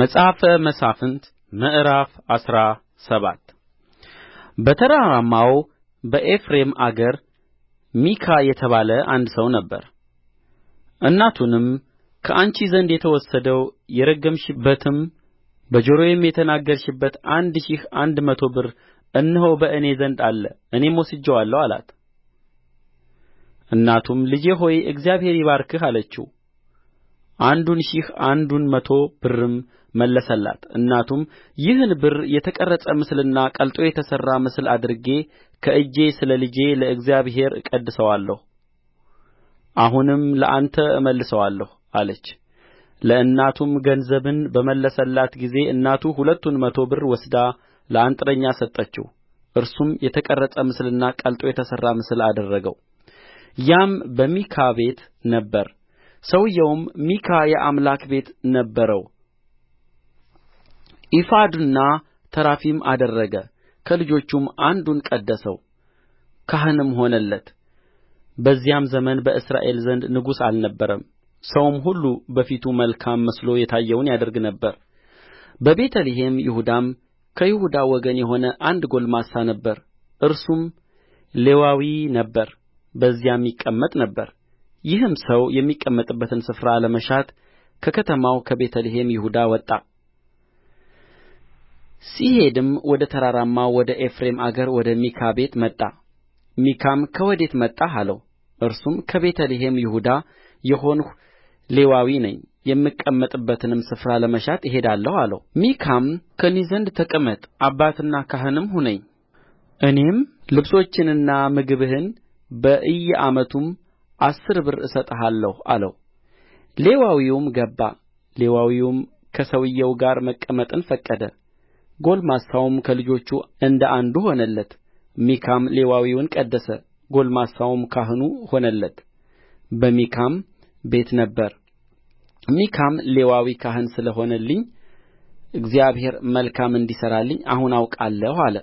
መጽሐፈ መሣፍንት ምዕራፍ አስራ ሰባት በተራራማው በኤፍሬም አገር ሚካ የተባለ አንድ ሰው ነበር። እናቱንም ከአንቺ ዘንድ የተወሰደው የረገምሽበትም በጆሮዬም የተናገርሽበት አንድ ሺህ አንድ መቶ ብር እነሆ በእኔ ዘንድ አለ፣ እኔም ወስጄዋለሁ አላት። እናቱም ልጄ ሆይ እግዚአብሔር ይባርክህ አለችው። አንዱን ሺህ አንዱን መቶ ብርም መለሰላት እናቱም ይህን ብር የተቀረጸ ምስልና ቀልጦ የተሠራ ምስል አድርጌ ከእጄ ስለ ልጄ ለእግዚአብሔር እቀድሰዋለሁ አሁንም ለአንተ እመልሰዋለሁ አለች ለእናቱም ገንዘብን በመለሰላት ጊዜ እናቱ ሁለቱን መቶ ብር ወስዳ ለአንጥረኛ ሰጠችው እርሱም የተቀረጸ ምስልና ቀልጦ የተሠራ ምስል አደረገው ያም በሚካ ቤት ነበር ሰውየውም ሚካ የአምላክ ቤት ነበረው ኤፉድና ተራፊም አደረገ ከልጆቹም አንዱን ቀደሰው ካህንም ሆነለት በዚያም ዘመን በእስራኤል ዘንድ ንጉሥ አልነበረም ሰውም ሁሉ በፊቱ መልካም መስሎ የታየውን ያደርግ ነበር በቤተ ልሔም ይሁዳም ከይሁዳ ወገን የሆነ አንድ ጕልማሳ ነበረ እርሱም ሌዋዊ ነበረ በዚያም ይቀመጥ ነበር ይህም ሰው የሚቀመጥበትን ስፍራ ለመሻት ከከተማው ከቤተ ልሔም ይሁዳ ወጣ ሲሄድም ወደ ተራራማው ወደ ኤፍሬም አገር ወደ ሚካ ቤት መጣ ሚካም ከወዴት መጣህ አለው እርሱም ከቤተ ልሔም ይሁዳ የሆንሁ ሌዋዊ ነኝ የምቀመጥበትንም ስፍራ ለመሻት እሄዳለሁ አለው ሚካም ከእኔ ዘንድ ተቀመጥ አባትና ካህንም ሁነኝ እኔም ልብሶችንና ምግብህን በእየዓመቱም አሥር ብር እሰጥሃለሁ አለው ሌዋዊውም ገባ ሌዋዊውም ከሰውዮው ጋር መቀመጥን ፈቀደ ጕልማሳውም ከልጆቹ እንደ አንዱ ሆነለት ሚካም ሌዋዊውን ቀደሰ ጕልማሳውም ካህኑ ሆነለት በሚካም ቤት ነበረ ሚካም ሌዋዊ ካህን ስለ ሆነልኝ እግዚአብሔር መልካም እንዲሠራልኝ አሁን አውቃለሁ አለ